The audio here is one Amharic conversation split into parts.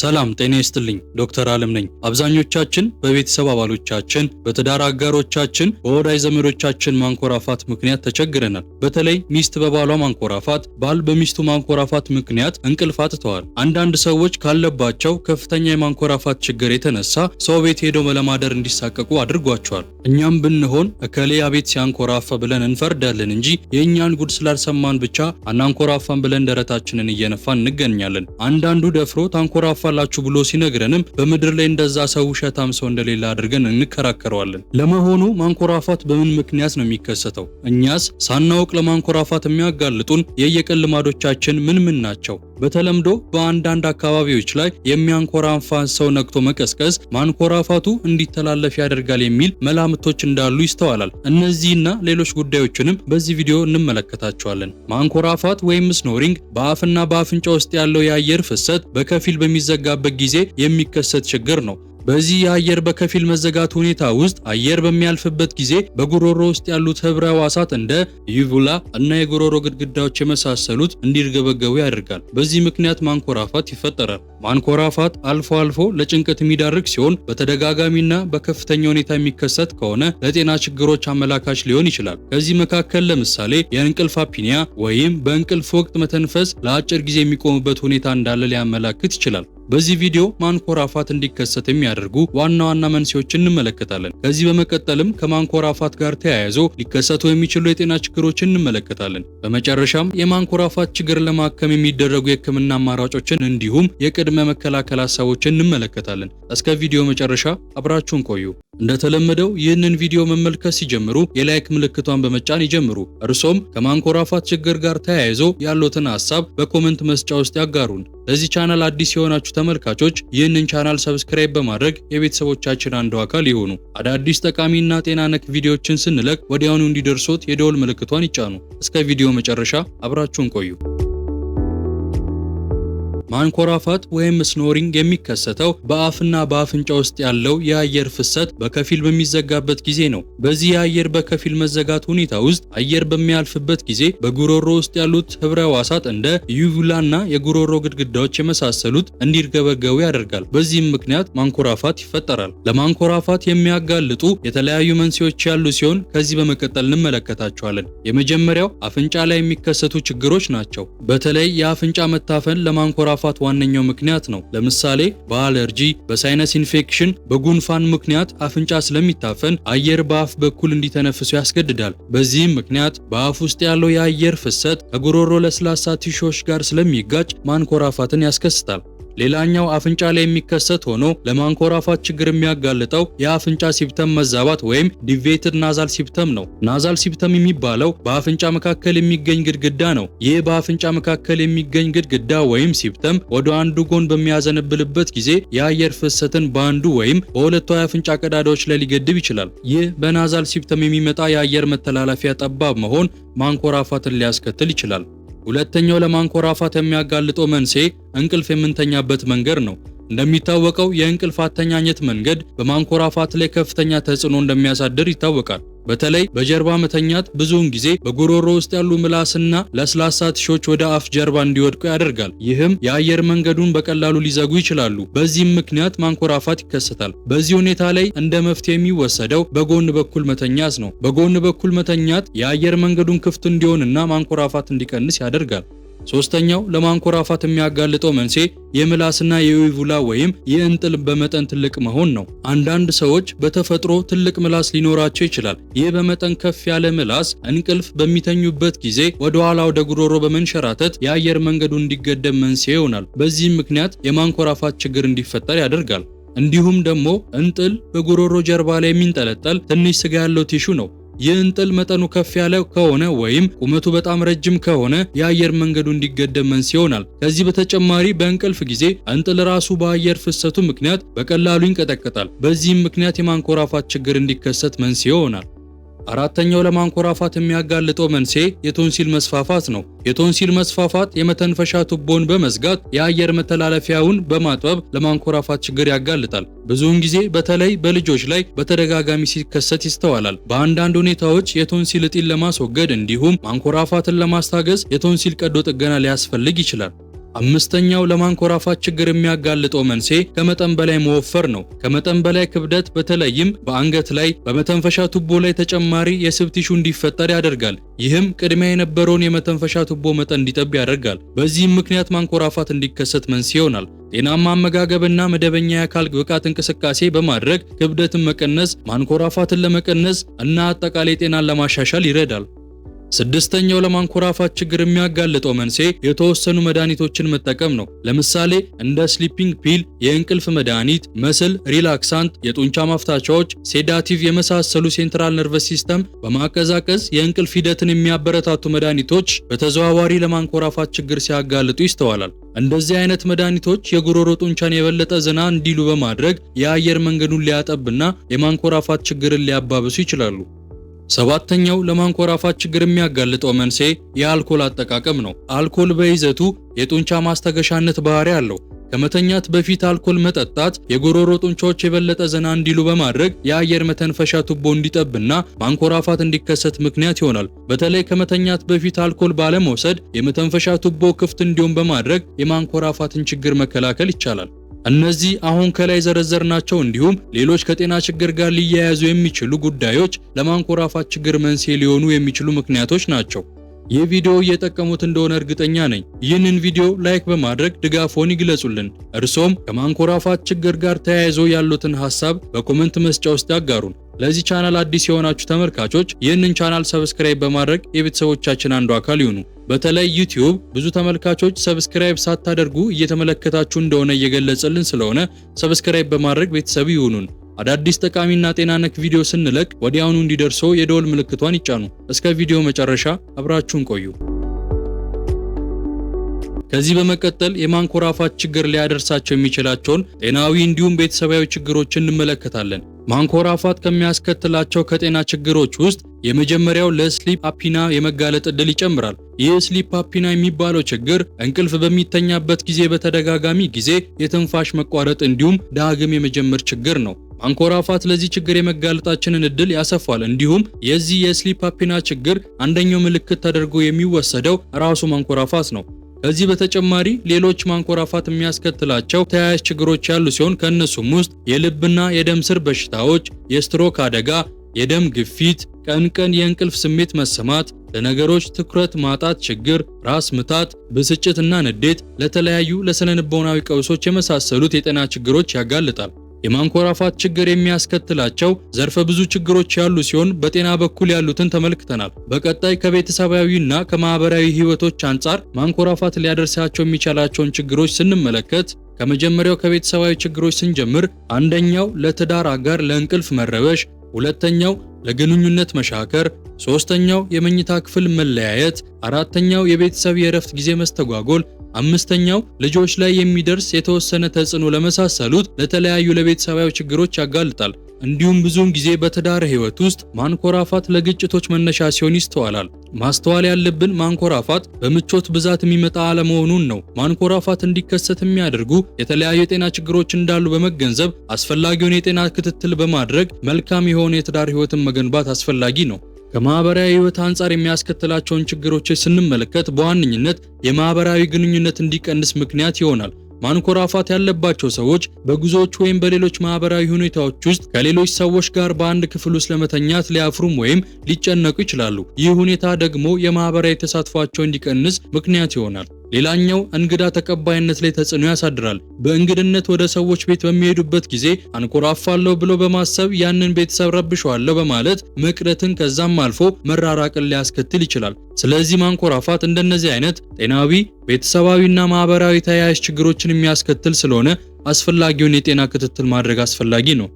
ሰላም ጤና ይስጥልኝ። ዶክተር ዓለም ነኝ። አብዛኞቻችን በቤተሰብ አባሎቻችን፣ በትዳር አጋሮቻችን፣ በወዳጅ ዘመዶቻችን ማንኮራፋት ምክንያት ተቸግረናል። በተለይ ሚስት በባሏ ማንኮራፋት፣ ባል በሚስቱ ማንኮራፋት ምክንያት እንቅልፍ አጥተዋል። አንዳንድ ሰዎች ካለባቸው ከፍተኛ የማንኮራፋት ችግር የተነሳ ሰው ቤት ሄደው ለማደር እንዲሳቀቁ አድርጓቸዋል። እኛም ብንሆን እከሌ አቤት ሲያንኮራፋ ብለን እንፈርዳለን እንጂ የእኛን ጉድ ስላልሰማን ብቻ አናንኮራፋን ብለን ደረታችንን እየነፋን እንገኛለን። አንዳንዱ ደፍሮ ታንኮራፋ ታጠፋላችሁ ብሎ ሲነግረንም በምድር ላይ እንደዛ ሰው ውሸታም ሰው እንደሌለ አድርገን እንከራከረዋለን። ለመሆኑ ማንኮራፋት በምን ምክንያት ነው የሚከሰተው? እኛስ ሳናውቅ ለማንኮራፋት የሚያጋልጡን የየቀን ልማዶቻችን ምን ምን ናቸው? በተለምዶ በአንዳንድ አካባቢዎች ላይ የሚያንኮራፋን ሰው ነቅቶ መቀስቀስ ማንኮራፋቱ እንዲተላለፍ ያደርጋል የሚል መላምቶች እንዳሉ ይስተዋላል። እነዚህና ሌሎች ጉዳዮችንም በዚህ ቪዲዮ እንመለከታቸዋለን። ማንኮራፋት ወይም ስኖሪንግ በአፍና በአፍንጫ ውስጥ ያለው የአየር ፍሰት በከፊል በሚዘጋበት ጊዜ የሚከሰት ችግር ነው። በዚህ የአየር በከፊል መዘጋት ሁኔታ ውስጥ አየር በሚያልፍበት ጊዜ በጉሮሮ ውስጥ ያሉት ህብረ ህዋሳት እንደ ዩቡላ እና የጉሮሮ ግድግዳዎች የመሳሰሉት እንዲርገበገቡ ያደርጋል። በዚህ ምክንያት ማንኮራፋት ይፈጠራል። ማንኮራፋት አልፎ አልፎ ለጭንቀት የሚዳርግ ሲሆን በተደጋጋሚና በከፍተኛ ሁኔታ የሚከሰት ከሆነ ለጤና ችግሮች አመላካች ሊሆን ይችላል። ከዚህ መካከል ለምሳሌ የእንቅልፍ አፒኒያ ወይም በእንቅልፍ ወቅት መተንፈስ ለአጭር ጊዜ የሚቆምበት ሁኔታ እንዳለ ሊያመላክት ይችላል። በዚህ ቪዲዮ ማንኮራፋት እንዲከሰት የሚያደርጉ ዋና ዋና መንስኤዎች እንመለከታለን። ከዚህ በመቀጠልም ከማንኮራፋት ጋር ተያይዞ ሊከሰቱ የሚችሉ የጤና ችግሮች እንመለከታለን። በመጨረሻም የማንኮራፋት ችግር ለማከም የሚደረጉ የሕክምና አማራጮችን እንዲሁም የቅድመ መከላከል ሀሳቦች እንመለከታለን። እስከ ቪዲዮ መጨረሻ አብራችሁን ቆዩ። እንደተለመደው ይህንን ቪዲዮ መመልከት ሲጀምሩ የላይክ ምልክቷን በመጫን ይጀምሩ። እርሶም ከማንኮራፋት ችግር ጋር ተያይዞ ያሉትን ሀሳብ በኮመንት መስጫ ውስጥ ያጋሩን። ለዚህ ቻናል አዲስ የሆናችሁ ተመልካቾች ይህንን ቻናል ሰብስክራይብ በማድረግ የቤተሰቦቻችን አንዱ አካል ይሆኑ። አዳዲስ ጠቃሚና ጤና ነክ ቪዲዮዎችን ስንለቅ ወዲያውኑ እንዲደርሶት የደወል ምልክቷን ይጫኑ። እስከ ቪዲዮ መጨረሻ አብራችሁን ቆዩ። ማንኮራፋት ወይም ስኖሪንግ የሚከሰተው በአፍና በአፍንጫ ውስጥ ያለው የአየር ፍሰት በከፊል በሚዘጋበት ጊዜ ነው። በዚህ የአየር በከፊል መዘጋት ሁኔታ ውስጥ አየር በሚያልፍበት ጊዜ በጉሮሮ ውስጥ ያሉት ህብረ ህዋሳት እንደ ዩቪላና የጉሮሮ ግድግዳዎች የመሳሰሉት እንዲርገበገቡ ያደርጋል። በዚህም ምክንያት ማንኮራፋት ይፈጠራል። ለማንኮራፋት የሚያጋልጡ የተለያዩ መንስኤዎች ያሉ ሲሆን ከዚህ በመቀጠል እንመለከታቸዋለን። የመጀመሪያው አፍንጫ ላይ የሚከሰቱ ችግሮች ናቸው። በተለይ የአፍንጫ መታፈን ለማንኮራፋት መስፋፋት ዋነኛው ምክንያት ነው። ለምሳሌ በአለርጂ፣ በሳይነስ ኢንፌክሽን፣ በጉንፋን ምክንያት አፍንጫ ስለሚታፈን አየር በአፍ በኩል እንዲተነፍሱ ያስገድዳል። በዚህም ምክንያት በአፍ ውስጥ ያለው የአየር ፍሰት ከጉሮሮ ለስላሳ ቲሾዎች ጋር ስለሚጋጭ ማንኮራፋትን ያስከስታል። ሌላኛው አፍንጫ ላይ የሚከሰት ሆኖ ለማንኮራፋት ችግር የሚያጋልጠው የአፍንጫ ሲፕተም መዛባት ወይም ዲቬትድ ናዛል ሲፕተም ነው። ናዛል ሲፕተም የሚባለው በአፍንጫ መካከል የሚገኝ ግድግዳ ነው። ይህ በአፍንጫ መካከል የሚገኝ ግድግዳ ወይም ሲፕተም ወደ አንዱ ጎን በሚያዘነብልበት ጊዜ የአየር ፍሰትን በአንዱ ወይም በሁለቱ የአፍንጫ ቀዳዳዎች ላይ ሊገድብ ይችላል። ይህ በናዛል ሲፕተም የሚመጣ የአየር መተላለፊያ ጠባብ መሆን ማንኮራፋትን ሊያስከትል ይችላል። ሁለተኛው ለማንኮራፋት የሚያጋልጠው መንስኤ እንቅልፍ የምንተኛበት መንገድ ነው። እንደሚታወቀው የእንቅልፍ አተኛኘት መንገድ በማንኮራፋት ላይ ከፍተኛ ተጽዕኖ እንደሚያሳድር ይታወቃል። በተለይ በጀርባ መተኛት ብዙውን ጊዜ በጉሮሮ ውስጥ ያሉ ምላስና ለስላሳ ቲሾች ወደ አፍ ጀርባ እንዲወድቁ ያደርጋል። ይህም የአየር መንገዱን በቀላሉ ሊዘጉ ይችላሉ። በዚህም ምክንያት ማንኮራፋት ይከሰታል። በዚህ ሁኔታ ላይ እንደ መፍትሄ የሚወሰደው በጎን በኩል መተኛት ነው። በጎን በኩል መተኛት የአየር መንገዱን ክፍት እንዲሆንና ማንኮራፋት እንዲቀንስ ያደርጋል። ሶስተኛው ለማንኮራፋት የሚያጋልጠው መንስኤ የምላስና የዩቪላ ወይም የእንጥል በመጠን ትልቅ መሆን ነው። አንዳንድ ሰዎች በተፈጥሮ ትልቅ ምላስ ሊኖራቸው ይችላል። ይህ በመጠን ከፍ ያለ ምላስ እንቅልፍ በሚተኙበት ጊዜ ወደ ኋላ ወደ ጉሮሮ በመንሸራተት የአየር መንገዱ እንዲገደብ መንስኤ ይሆናል። በዚህም ምክንያት የማንኮራፋት ችግር እንዲፈጠር ያደርጋል። እንዲሁም ደግሞ እንጥል በጉሮሮ ጀርባ ላይ የሚንጠለጠል ትንሽ ስጋ ያለው ቲሹ ነው። የእንጥል መጠኑ ከፍ ያለ ከሆነ ወይም ቁመቱ በጣም ረጅም ከሆነ የአየር መንገዱ እንዲገደብ መንስኤ ይሆናል። ከዚህ በተጨማሪ በእንቅልፍ ጊዜ እንጥል ራሱ በአየር ፍሰቱ ምክንያት በቀላሉ ይንቀጠቀጣል። በዚህም ምክንያት የማንኮራፋት ችግር እንዲከሰት መንስኤ ይሆናል። አራተኛው ለማንኮራፋት የሚያጋልጠው መንስኤ የቶንሲል መስፋፋት ነው። የቶንሲል መስፋፋት የመተንፈሻ ቱቦን በመዝጋት የአየር መተላለፊያውን በማጥበብ ለማንኮራፋት ችግር ያጋልጣል። ብዙውን ጊዜ በተለይ በልጆች ላይ በተደጋጋሚ ሲከሰት ይስተዋላል። በአንዳንድ ሁኔታዎች የቶንሲል እጢን ለማስወገድ እንዲሁም ማንኮራፋትን ለማስታገዝ የቶንሲል ቀዶ ጥገና ሊያስፈልግ ይችላል። አምስተኛው ለማንኮራፋት ችግር የሚያጋልጠው መንስኤ ከመጠን በላይ መወፈር ነው። ከመጠን በላይ ክብደት በተለይም በአንገት ላይ፣ በመተንፈሻ ቱቦ ላይ ተጨማሪ የስብ ቲሹ እንዲፈጠር ያደርጋል። ይህም ቅድሚያ የነበረውን የመተንፈሻ ቱቦ መጠን እንዲጠብ ያደርጋል። በዚህም ምክንያት ማንኮራፋት እንዲከሰት መንስኤ ይሆናል። ጤናማ አመጋገብና መደበኛ የአካል ብቃት እንቅስቃሴ በማድረግ ክብደትን መቀነስ ማንኮራፋትን ለመቀነስ እና አጠቃላይ ጤናን ለማሻሻል ይረዳል። ስድስተኛው ለማንኮራፋት ችግር የሚያጋልጠው መንስኤ የተወሰኑ መድኃኒቶችን መጠቀም ነው። ለምሳሌ እንደ ስሊፒንግ ፒል፣ የእንቅልፍ መድኃኒት፣ መስል ሪላክሳንት፣ የጡንቻ ማፍታቻዎች፣ ሴዳቲቭ የመሳሰሉ ሴንትራል ነርቨስ ሲስተም በማቀዛቀዝ የእንቅልፍ ሂደትን የሚያበረታቱ መድኃኒቶች በተዘዋዋሪ ለማንኮራፋት ችግር ሲያጋልጡ ይስተዋላል። እንደዚህ አይነት መድኃኒቶች የጉሮሮ ጡንቻን የበለጠ ዘና እንዲሉ በማድረግ የአየር መንገዱን ሊያጠብና የማንኮራፋት ችግርን ሊያባብሱ ይችላሉ። ሰባተኛው ለማንኮራፋት ችግር የሚያጋልጠው መንስኤ የአልኮል አጠቃቀም ነው። አልኮል በይዘቱ የጡንቻ ማስታገሻነት ባህሪ አለው። ከመተኛት በፊት አልኮል መጠጣት የጎሮሮ ጡንቻዎች የበለጠ ዘና እንዲሉ በማድረግ የአየር መተንፈሻ ቱቦ እንዲጠብና ማንኮራፋት እንዲከሰት ምክንያት ይሆናል። በተለይ ከመተኛት በፊት አልኮል ባለመውሰድ የመተንፈሻ ቱቦ ክፍት እንዲሆን በማድረግ የማንኮራፋትን ችግር መከላከል ይቻላል። እነዚህ አሁን ከላይ ዘረዘርናቸው እንዲሁም ሌሎች ከጤና ችግር ጋር ሊያያዙ የሚችሉ ጉዳዮች ለማንኮራፋት ችግር መንስኤ ሊሆኑ የሚችሉ ምክንያቶች ናቸው። ይህ ቪዲዮ እየጠቀሙት እንደሆነ እርግጠኛ ነኝ። ይህንን ቪዲዮ ላይክ በማድረግ ድጋፎን ይግለጹልን። እርሶም ከማንኮራፋት ችግር ጋር ተያይዞ ያሉትን ሀሳብ በኮመንት መስጫ ውስጥ ያጋሩን። ለዚህ ቻናል አዲስ የሆናችሁ ተመልካቾች ይህንን ቻናል ሰብስክራይብ በማድረግ የቤተሰቦቻችን አንዱ አካል ይሁኑ። በተለይ ዩቲዩብ ብዙ ተመልካቾች ሰብስክራይብ ሳታደርጉ እየተመለከታችሁ እንደሆነ እየገለጸልን ስለሆነ ሰብስክራይብ በማድረግ ቤተሰብ ይሁኑን። አዳዲስ ጠቃሚና ጤና ነክ ቪዲዮ ስንለቅ ወዲያውኑ እንዲደርሶ የደወል ምልክቷን ይጫኑ። እስከ ቪዲዮ መጨረሻ አብራችሁን ቆዩ። ከዚህ በመቀጠል የማንኮራፋት ችግር ሊያደርሳቸው የሚችላቸውን ጤናዊ እንዲሁም ቤተሰባዊ ችግሮች እንመለከታለን። ማንኮራፋት ከሚያስከትላቸው ከጤና ችግሮች ውስጥ የመጀመሪያው ለስሊፕ አፒና የመጋለጥ ዕድል ይጨምራል። ይህ ስሊፕ አፒና የሚባለው ችግር እንቅልፍ በሚተኛበት ጊዜ በተደጋጋሚ ጊዜ የትንፋሽ መቋረጥ እንዲሁም ዳግም የመጀመር ችግር ነው። አንኮራፋት ለዚህ ችግር የመጋለጣችንን እድል ያሰፋል። እንዲሁም የዚህ የስሊፕ አፒና ችግር አንደኛው ምልክት ተደርጎ የሚወሰደው ራሱ ማንኮራፋት ነው። ከዚህ በተጨማሪ ሌሎች ማንኮራፋት የሚያስከትላቸው ተያያዥ ችግሮች ያሉ ሲሆን ከእነሱም ውስጥ የልብና የደም ስር በሽታዎች፣ የስትሮክ አደጋ፣ የደም ግፊት፣ ቀን ቀን የእንቅልፍ ስሜት መሰማት፣ ለነገሮች ትኩረት ማጣት ችግር፣ ራስ ምታት፣ ብስጭትና ንዴት ለተለያዩ ለስነ ልቦናዊ ቀውሶች የመሳሰሉት የጤና ችግሮች ያጋልጣል። የማንኮራፋት ችግር የሚያስከትላቸው ዘርፈ ብዙ ችግሮች ያሉ ሲሆን በጤና በኩል ያሉትን ተመልክተናል። በቀጣይ ከቤተሰባዊና ከማህበራዊ ህይወቶች አንጻር ማንኮራፋት ሊያደርሳቸው የሚቻላቸውን ችግሮች ስንመለከት ከመጀመሪያው ከቤተሰባዊ ችግሮች ስንጀምር አንደኛው ለትዳር አጋር ለእንቅልፍ መረበሽ፣ ሁለተኛው ለግንኙነት መሻከር፣ ሶስተኛው የመኝታ ክፍል መለያየት፣ አራተኛው የቤተሰብ የእረፍት ጊዜ መስተጓጎል፣ አምስተኛው ልጆች ላይ የሚደርስ የተወሰነ ተጽዕኖ ለመሳሰሉት ለተለያዩ ለቤተሰባዊ ችግሮች ያጋልጣል። እንዲሁም ብዙውን ጊዜ በትዳር ህይወት ውስጥ ማንኮራፋት ለግጭቶች መነሻ ሲሆን ይስተዋላል። ማስተዋል ያለብን ማንኮራፋት በምቾት ብዛት የሚመጣ አለመሆኑን ነው። ማንኮራፋት እንዲከሰት የሚያደርጉ የተለያዩ የጤና ችግሮች እንዳሉ በመገንዘብ አስፈላጊውን የጤና ክትትል በማድረግ መልካም የሆነ የትዳር ህይወትን መገንባት አስፈላጊ ነው። ከማህበራዊ ህይወት አንጻር የሚያስከትላቸውን ችግሮች ስንመለከት በዋነኝነት የማህበራዊ ግንኙነት እንዲቀንስ ምክንያት ይሆናል። ማንኮራፋት ያለባቸው ሰዎች በጉዞዎች ወይም በሌሎች ማህበራዊ ሁኔታዎች ውስጥ ከሌሎች ሰዎች ጋር በአንድ ክፍል ውስጥ ለመተኛት ሊያፍሩም ወይም ሊጨነቁ ይችላሉ። ይህ ሁኔታ ደግሞ የማህበራዊ ተሳትፏቸው እንዲቀንስ ምክንያት ይሆናል። ሌላኛው እንግዳ ተቀባይነት ላይ ተጽዕኖ ያሳድራል። በእንግድነት ወደ ሰዎች ቤት በሚሄዱበት ጊዜ አንኮራፋለሁ ብሎ በማሰብ ያንን ቤተሰብ ረብሸዋለሁ በማለት መቅረትን ከዛም አልፎ መራራቅን ሊያስከትል ይችላል። ስለዚህ ማንኮራፋት እንደነዚህ አይነት ጤናዊ ቤተሰባዊና ማህበራዊ ተያያዥ ችግሮችን የሚያስከትል ስለሆነ አስፈላጊውን የጤና ክትትል ማድረግ አስፈላጊ ነው።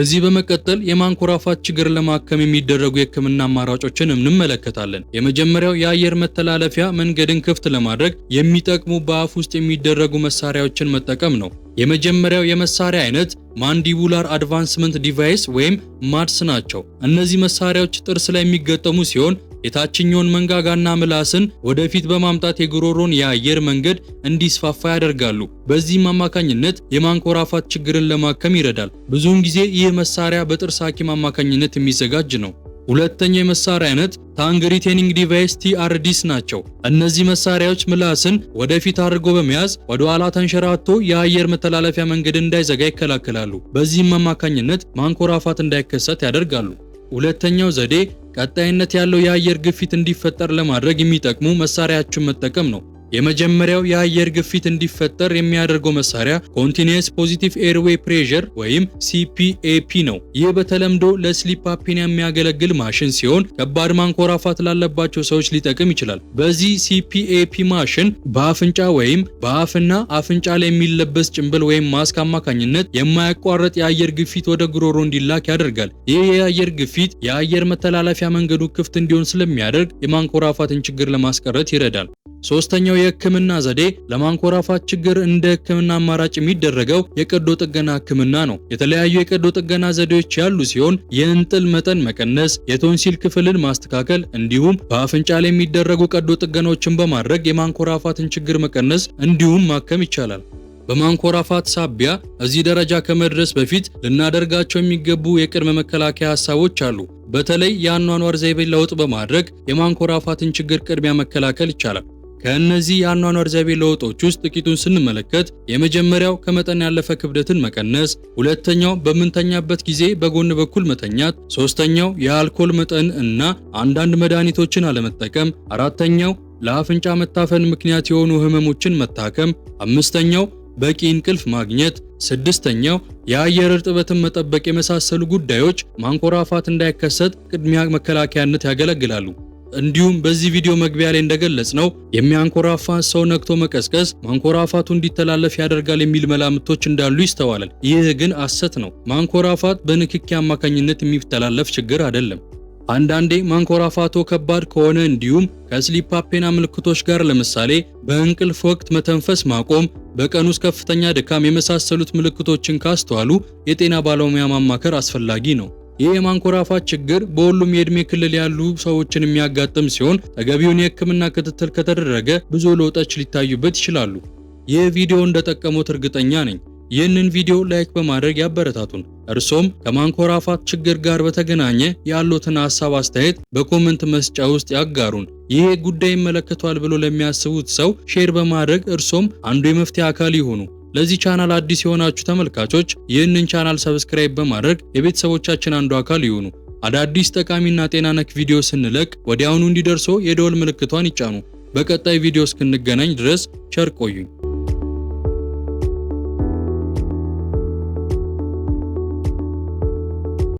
ከዚህ በመቀጠል የማንኮራፋት ችግር ለማከም የሚደረጉ የህክምና አማራጮችን እንመለከታለን። የመጀመሪያው የአየር መተላለፊያ መንገድን ክፍት ለማድረግ የሚጠቅሙ በአፍ ውስጥ የሚደረጉ መሳሪያዎችን መጠቀም ነው። የመጀመሪያው የመሳሪያ አይነት ማንዲቡላር አድቫንስመንት ዲቫይስ ወይም ማድስ ናቸው። እነዚህ መሳሪያዎች ጥርስ ላይ የሚገጠሙ ሲሆን የታችኛውን መንጋጋና ምላስን ወደፊት በማምጣት የጉሮሮን የአየር መንገድ እንዲስፋፋ ያደርጋሉ። በዚህም አማካኝነት የማንኮራፋት ችግርን ለማከም ይረዳል። ብዙውን ጊዜ ይህ መሳሪያ በጥርስ ሐኪም አማካኝነት የሚዘጋጅ ነው። ሁለተኛው የመሳሪያ አይነት ታንግ ሪቴኒንግ ዲቫይስ ቲአርዲስ ናቸው። እነዚህ መሳሪያዎች ምላስን ወደፊት አድርጎ በመያዝ ወደ ኋላ ተንሸራቶ የአየር መተላለፊያ መንገድ እንዳይዘጋ ይከላከላሉ። በዚህም አማካኝነት ማንኮራፋት እንዳይከሰት ያደርጋሉ። ሁለተኛው ዘዴ ቀጣይነት ያለው የአየር ግፊት እንዲፈጠር ለማድረግ የሚጠቅሙ መሳሪያዎችን መጠቀም ነው። የመጀመሪያው የአየር ግፊት እንዲፈጠር የሚያደርገው መሳሪያ ኮንቲኒየስ ፖዚቲቭ ኤርዌይ ፕሬር ወይም ሲፒኤፒ ነው። ይህ በተለምዶ ለስሊፕ አፕኒያ የሚያገለግል ማሽን ሲሆን ከባድ ማንኮራፋት ላለባቸው ሰዎች ሊጠቅም ይችላል። በዚህ ሲፒኤፒ ማሽን በአፍንጫ ወይም በአፍና አፍንጫ ላይ የሚለበስ ጭንብል ወይም ማስክ አማካኝነት የማያቋርጥ የአየር ግፊት ወደ ጉሮሮ እንዲላክ ያደርጋል። ይህ የአየር ግፊት የአየር መተላለፊያ መንገዱ ክፍት እንዲሆን ስለሚያደርግ የማንኮራፋትን ችግር ለማስቀረት ይረዳል። ሶስተኛው የህክምና ዘዴ ለማንኮራፋት ችግር እንደ ህክምና አማራጭ የሚደረገው የቀዶ ጥገና ህክምና ነው። የተለያዩ የቀዶ ጥገና ዘዴዎች ያሉ ሲሆን የእንጥል መጠን መቀነስ፣ የቶንሲል ክፍልን ማስተካከል እንዲሁም በአፍንጫ ላይ የሚደረጉ ቀዶ ጥገናዎችን በማድረግ የማንኮራፋትን ችግር መቀነስ እንዲሁም ማከም ይቻላል። በማንኮራፋት ሳቢያ እዚህ ደረጃ ከመድረስ በፊት ልናደርጋቸው የሚገቡ የቅድመ መከላከያ ሀሳቦች አሉ። በተለይ የአኗኗር ዘይቤ ለውጥ በማድረግ የማንኮራፋትን ችግር ቅድሚያ መከላከል ይቻላል። ከእነዚህ የአኗኗር ዘይቤ ለውጦች ውስጥ ጥቂቱን ስንመለከት የመጀመሪያው ከመጠን ያለፈ ክብደትን መቀነስ፣ ሁለተኛው በምንተኛበት ጊዜ በጎን በኩል መተኛት፣ ሶስተኛው የአልኮል መጠን እና አንዳንድ መድኃኒቶችን አለመጠቀም፣ አራተኛው ለአፍንጫ መታፈን ምክንያት የሆኑ ህመሞችን መታከም፣ አምስተኛው በቂ እንቅልፍ ማግኘት፣ ስድስተኛው የአየር እርጥበትን መጠበቅ የመሳሰሉ ጉዳዮች ማንኮራፋት እንዳይከሰት ቅድሚያ መከላከያነት ያገለግላሉ። እንዲሁም በዚህ ቪዲዮ መግቢያ ላይ እንደገለጽ ነው የሚያንኮራፋ ሰው ነክቶ መቀስቀስ ማንኮራፋቱ እንዲተላለፍ ያደርጋል የሚል መላምቶች እንዳሉ ይስተዋላል። ይህ ግን አሰት ነው። ማንኮራፋት በንክኪ አማካኝነት የሚተላለፍ ችግር አይደለም። አንዳንዴ ማንኮራፋቶ ከባድ ከሆነ እንዲሁም ከስሊፕ አፔና ምልክቶች ጋር ለምሳሌ በእንቅልፍ ወቅት መተንፈስ ማቆም፣ በቀን ውስጥ ከፍተኛ ድካም የመሳሰሉት ምልክቶችን ካስተዋሉ የጤና ባለሙያ ማማከር አስፈላጊ ነው። ይህ የማንኮራፋት ችግር በሁሉም የዕድሜ ክልል ያሉ ሰዎችን የሚያጋጥም ሲሆን ተገቢውን የሕክምና ክትትል ከተደረገ ብዙ ለውጦች ሊታዩበት ይችላሉ። ይህ ቪዲዮ እንደጠቀሙት እርግጠኛ ነኝ። ይህንን ቪዲዮ ላይክ በማድረግ ያበረታቱን። እርሶም ከማንኮራፋት ችግር ጋር በተገናኘ ያሉትን ሀሳብ አስተያየት በኮመንት መስጫ ውስጥ ያጋሩን። ይሄ ጉዳይ ይመለከቷል ብሎ ለሚያስቡት ሰው ሼር በማድረግ እርሶም አንዱ የመፍትሄ አካል ይሆኑ። ለዚህ ቻናል አዲስ የሆናችሁ ተመልካቾች ይህንን ቻናል ሰብስክራይብ በማድረግ የቤተሰቦቻችን አንዱ አካል ይሁኑ። አዳዲስ ጠቃሚና ጤና ነክ ቪዲዮ ስንለቅ ወዲያውኑ እንዲደርሶ የደወል ምልክቷን ይጫኑ። በቀጣይ ቪዲዮ እስክንገናኝ ድረስ ቸር ቆዩኝ።